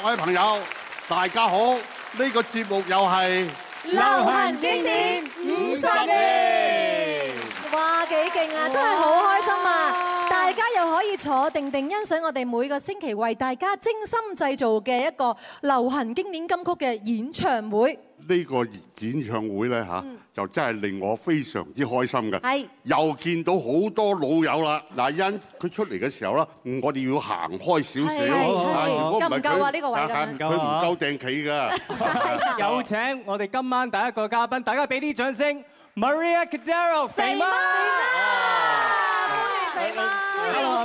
各位朋友，大家好！呢個節目又係流行經典五十年，哇！幾勁啊！真係好開心啊！大家又可以坐定定欣賞我哋每個星期為大家精心製造嘅一個流行經典金曲嘅演唱會。呢、這個演唱會咧嚇，嗯、就真係令我非常之開心嘅。係，又見到好多老友啦！嗱，因佢出嚟嘅時候啦，我哋要行開少少。係，如果唔夠啊？呢個位夠唔夠？佢唔夠掟企㗎。有請我哋今晚第一個嘉賓，大家俾啲掌聲。 Maria Cordero，肥媽。啊、歡迎肥媽，歡迎歡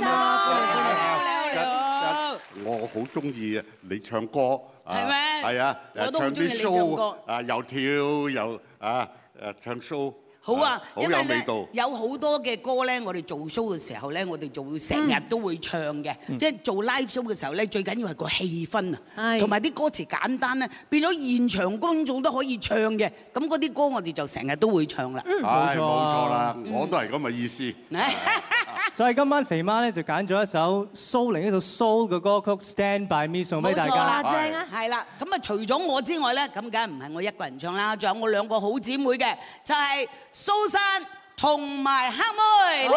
迎，你好。我好中意你唱歌。係咩？係啊，我都好鍾意你唱歌啊，又跳又啊，誒唱 show。好啊，好有味道，有好多嘅歌咧，我哋做 show 嘅時候咧，我哋就會成日都會唱嘅。即係做 live show 嘅時候咧，最緊要係個氣氛啊，同埋啲歌詞簡單咧，變咗現場觀眾都可以唱嘅。咁嗰啲歌我哋就成日都會唱啦。冇錯啦，我都係咁嘅意思。所以今晚肥媽咧就揀咗一首蘇玲，一首蘇嘅歌曲《Stand By Me》送俾大家。冇錯啦，正啊！係啦，咁啊除咗我之外咧，咁梗唔係我一個人唱啦，仲有我兩個好姊妹嘅，就係蘇珊同埋黑妹。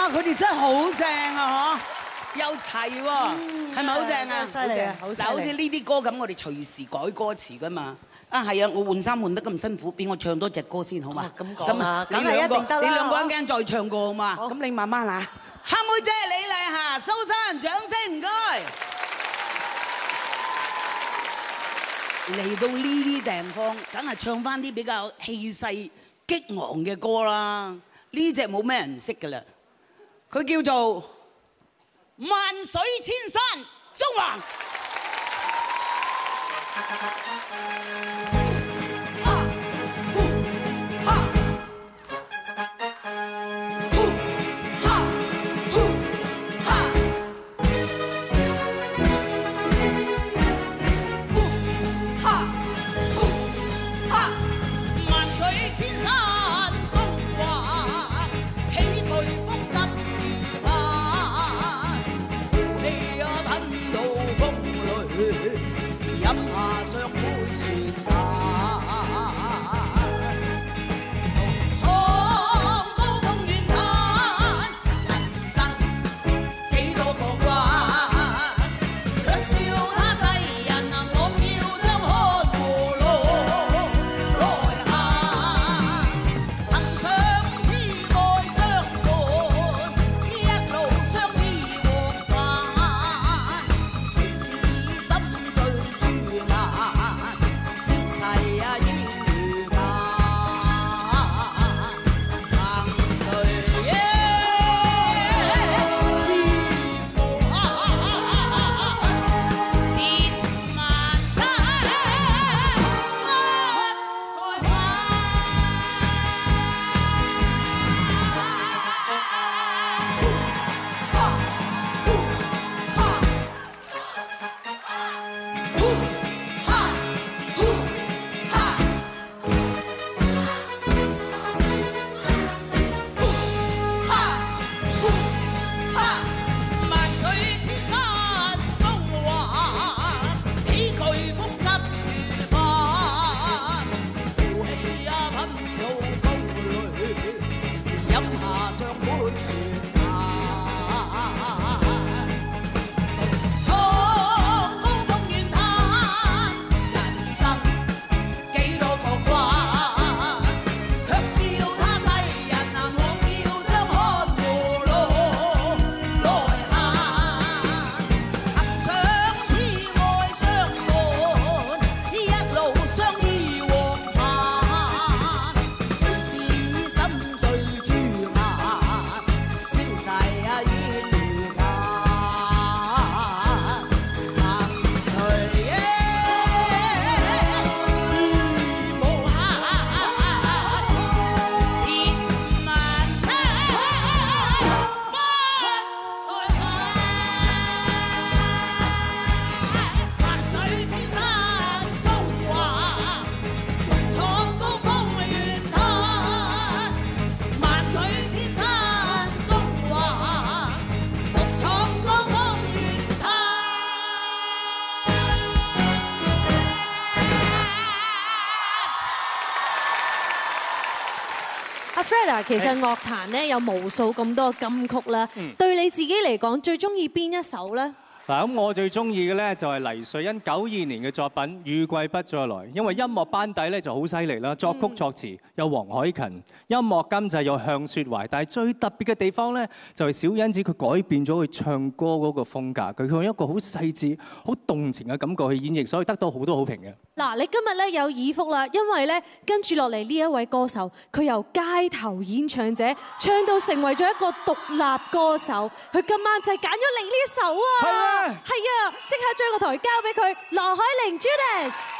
啊！佢哋真係好正啊，嗬，又齊喎，係咪好正啊？犀利啊！好犀利！就好似呢啲歌咁，我哋隨時改歌詞噶嘛。啊，係啊！我換衫換得咁辛苦，俾我唱多隻歌先好嘛？咁講啊！梗係一定得啦。你兩個一陣間再唱過好嘛？咁你慢慢啦。黑妹姐李麗霞蘇姍，掌聲唔該。嚟到呢啲地方，梗係唱翻啲比較氣勢激昂嘅歌啦。呢隻冇咩人識噶啦。佢叫做萬水千山中華。啊啊啊啊啊啊。其實樂壇咧有無數咁多嘅金曲啦，對你自己嚟講最鍾意邊一首咧？嗱咁，我最中意嘅咧就係黎瑞恩九二年嘅作品《雨季不再來》，因為音樂班底咧就好犀利啦，作曲作詞有黃凱芹，音樂監製有向雪懷，但係最特別嘅地方咧就係小恩子佢改變咗佢唱歌嗰個風格，佢用一個好細致好動情嘅感覺去演繹，所以得到好多好評嘅。嗱，你今日咧有耳福啦，因為咧跟住落嚟呢一位歌手，佢由街頭演唱者唱到成為咗一個獨立歌手，佢今晚就係揀咗你呢一首啊！係啊！即刻將個台交俾佢，羅凱鈴 Judas。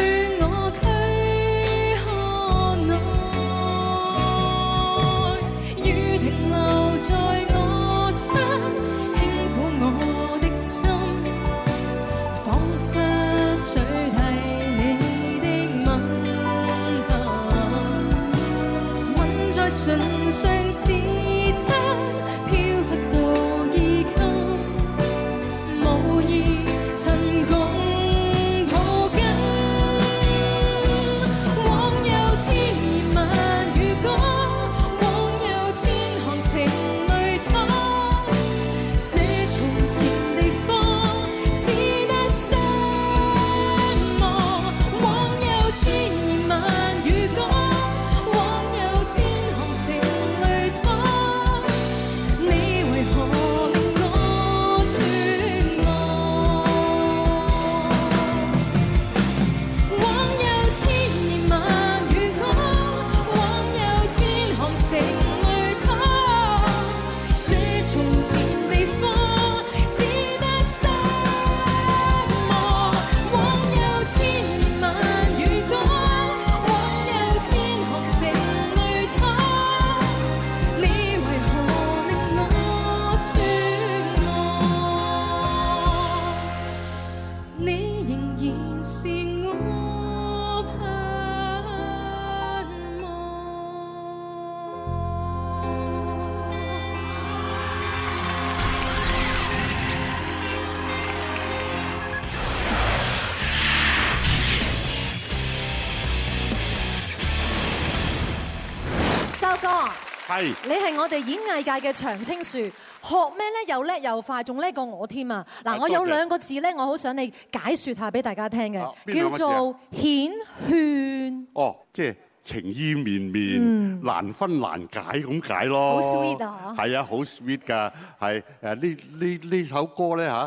我哋演藝界嘅長青樹，學咩咧又叻又快，仲叻過我添啊！嗱，我有兩個字咧，我好想你解説下俾大家聽嘅，叫做「繾綣」哦，即係情意綿綿、嗯，難分難解咁解咯。好 sweet 啊！係啊，好 sweet 㗎，係誒呢呢呢首歌咧吓，誒、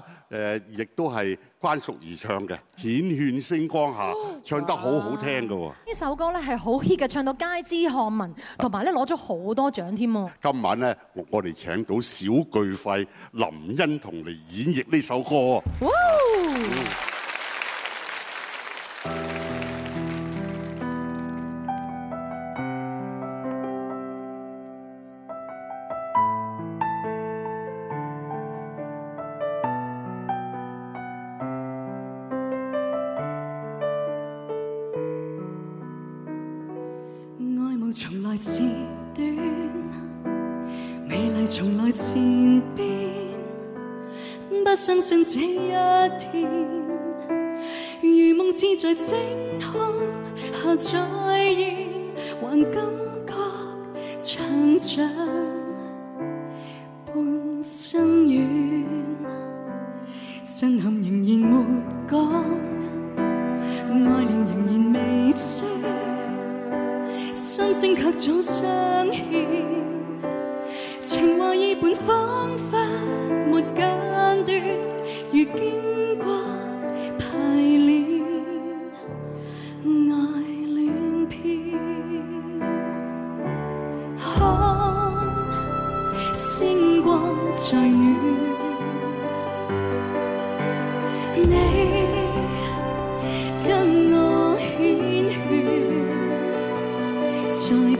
啊，亦都係。關淑怡唱嘅，繾綣星光下唱得好好聽嘅喎。呢首歌咧係好 hit 嘅，唱到街知巷聞，同埋咧攞咗好多獎添。今晚咧，我我哋請到小巨肺林欣彤嚟演繹呢首歌。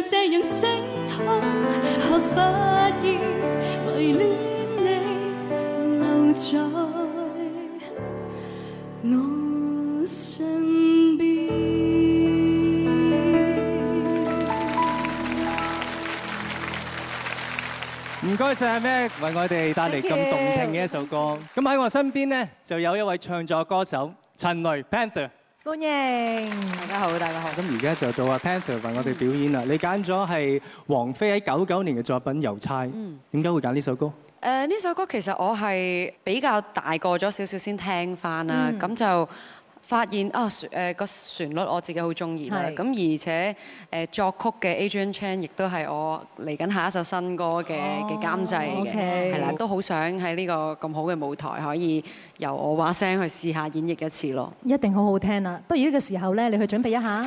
在這樣星空下發現，迷戀你留在我身邊。唔該晒，阿咩。為我哋帶嚟咁動聽嘅一首歌。咁喺我身邊呢，就有一位唱作歌手，陳蕾 Panther。歡迎大家好，大家好。咁而家就到阿 Panther 為我哋表演啦。你揀咗係王菲喺九九年嘅作品《郵差》，點解會揀呢首歌？誒，呢首歌其實我係比較大個咗少少先聽翻啦。咁就。發現啊，誒個旋律我自己好中意啦，咁而且誒作曲嘅 Adrian Chan 亦都係我嚟緊下，下一首新歌嘅嘅監製嘅，係啦，都好想喺呢個咁好嘅舞台可以由我把聲去試下演繹一次咯，一定好好聽啦！不如呢個時候咧，你去準備一下。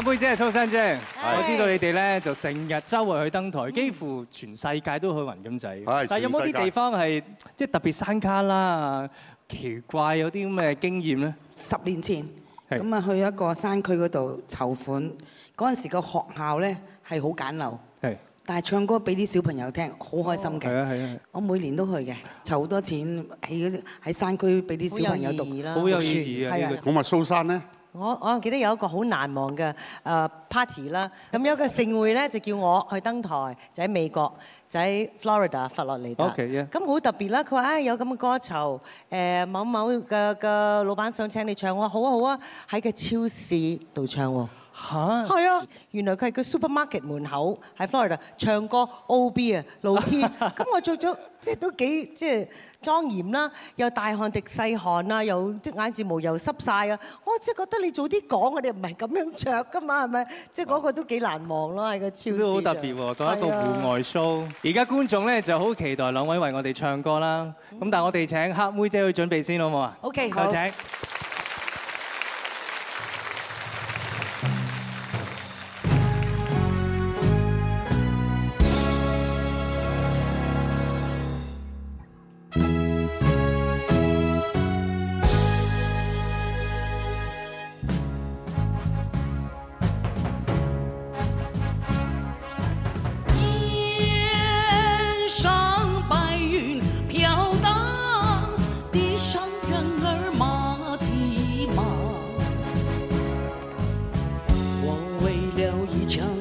阿妹姐、蘇珊姐，我知道你哋咧就成日周圍去登台，幾乎全世界都去勻咁滯。但係有冇啲地方係即係特別山卡啦、奇怪有啲咩經驗咧？十年前咁啊，去一個山區嗰度籌款，嗰陣時個學校咧係好簡陋，但係唱歌俾啲小朋友聽，好開心嘅。係啊係啊！我每年都去嘅，籌好多錢喺喺山區俾啲小朋友讀書啦，好有意思啊！係啊！咁啊，蘇珊咧？我我記得有一個好難忘嘅 party 啦，咁有一個盛會呢，就叫我去登台，就喺美國，就喺 Florida 佛羅里達 OK，咁好很特別啦，佢話啊有咁嘅歌籌，某某嘅老闆想請你唱，我話好啊好啊，喺嘅、啊、超市度唱喎。嚇！係啊！原來佢係個 supermarket 門口喺 Florida 唱歌 O B 啊，露天咁我着咗即係都幾即係莊嚴啦，又大汗滴細汗啊，又啲眼睫毛又濕曬啊，我即係覺得你早啲講，我哋唔係咁樣着噶嘛，係咪？即係嗰個都幾難忘咯，喺個超市都好特別喎，當一個戶外 show。而家觀眾咧就好期待兩位為我哋唱歌啦。咁但係我哋請黑妹姐去準備先好冇啊？OK，有請。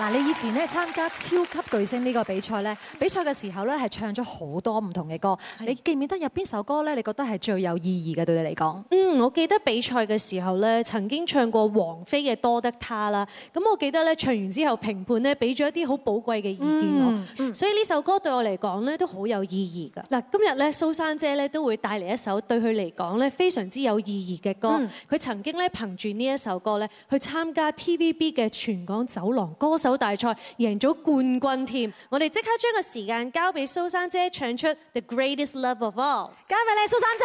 嗱，你以前咧，參加《超級巨星》呢、呢個比賽咧，比賽嘅時候咧，係唱咗好多唔同嘅歌的。你記唔記得有邊首歌咧？你覺得係最有意義嘅對你嚟講？嗯，我記得比賽嘅時候咧，曾經唱過王菲嘅《多得他》啦。咁我記得咧，唱完之後評判咧俾咗一啲好寶貴嘅意見我、嗯嗯，所以呢首歌對我嚟講咧都好有意義㗎。嗱，今日咧蘇姍姐咧都會帶嚟一首對佢嚟講咧非常之有意義嘅歌。佢、嗯、曾經咧憑住呢一首歌咧去參加 TVB 嘅全港酒廊歌歌手大賽贏咗冠軍添，我哋即刻將個時間交俾蘇姍姐唱出《The Greatest Love Of All》，交俾你，蘇姍姐。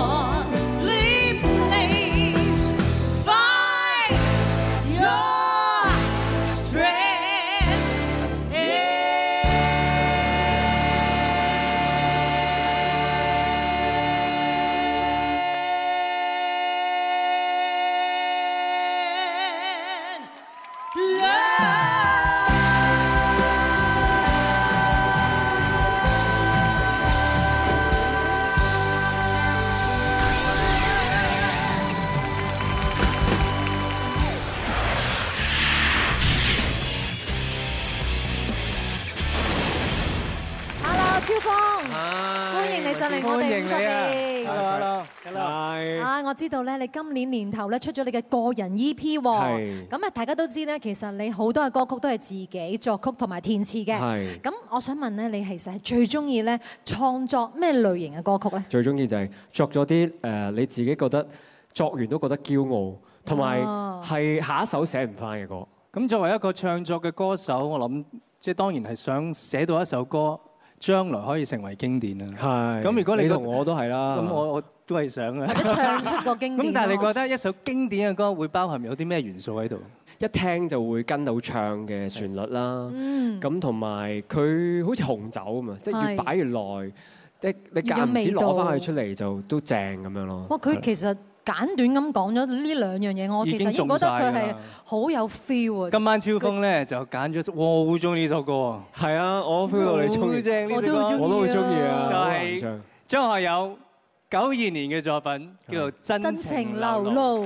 你今年年頭咧出咗你嘅個人 EP 喎，咁啊大家都知咧，其實你好多嘅歌曲都係自己作曲同埋填詞嘅。咁我想問咧，你其實係最中意咧創作咩類型嘅歌曲咧？最中意就係作咗啲誒你自己覺得作完都覺得驕傲，同埋係下一首寫唔返嘅歌。咁作為一個唱作嘅歌手，我諗即係當然係想寫到一首歌。將來可以成為經典啊！係，咁如果你同我都係啦，咁我我都係想啊，唱出個經典。咁但係你覺得一首經典嘅歌會包含有啲咩元素喺度？一聽就會跟到唱嘅旋律啦，咁同埋佢好似紅酒咁啊，即係越擺越耐，即係你夾唔止攞翻佢出嚟就都正咁樣咯。哇！佢其實～簡短咁講咗呢兩樣嘢，我其實覺得佢係好有 feel。今晚釗峰咧就揀咗，我好中意呢首歌。係啊，我 feel 到你中意，我都好中意啊！就係張學友九二年嘅作品，叫做《真情流露》。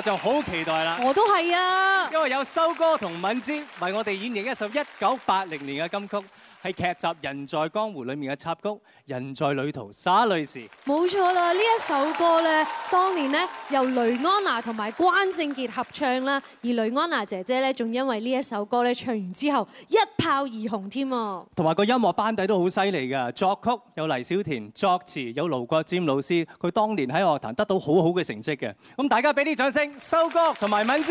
我就好期待啦！我都係啊，因為有修哥同敏之。係我哋演繹一首一九八零年嘅金曲，係劇集《人在江湖》裡面嘅插曲《人在旅途灑淚時》沒錯了。冇錯啦，呢一首歌咧，當年咧由雷安娜同埋關正傑合唱啦，而雷安娜姐姐咧，仲因為呢一首歌咧唱完之後一炮而紅添。同埋個音樂班底都好犀利嘅，作曲有黎小田，作詞有盧國沾老師，佢當年喺樂壇得到很好好嘅成績嘅。咁大家俾啲掌聲，修哥同埋敏之！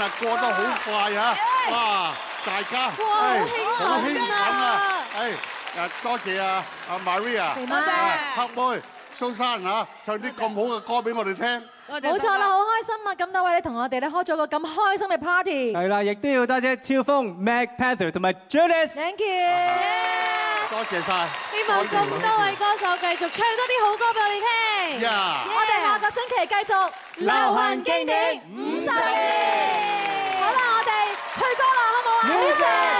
啊，過得好快啊！哇，大家，好興奮啊！誒、啊，誒、啊哎，多謝啊，阿 Maria，大家，黑妹，蘇、啊、姍啊，唱啲咁好嘅歌俾我哋聽。冇錯啦，好開心啊！咁多位咧同我哋咧開咗個咁開心嘅 party。係啦，亦都要多謝，謝釗峰、Mac Panther 同埋 Judas。Thank you，多、yeah. 謝晒！希望咁多位歌手繼續唱多啲好歌俾我哋聽。Yeah. Yeah. 我哋下個星期繼續流行經典五十年！好啦，我哋去歌啦，好唔好啊？Yeah. Yeah.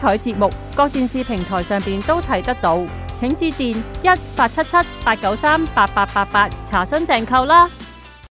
彩節目，各電視平台上邊都睇得到，請致電一八七七八九三八八八八查詢訂購啦。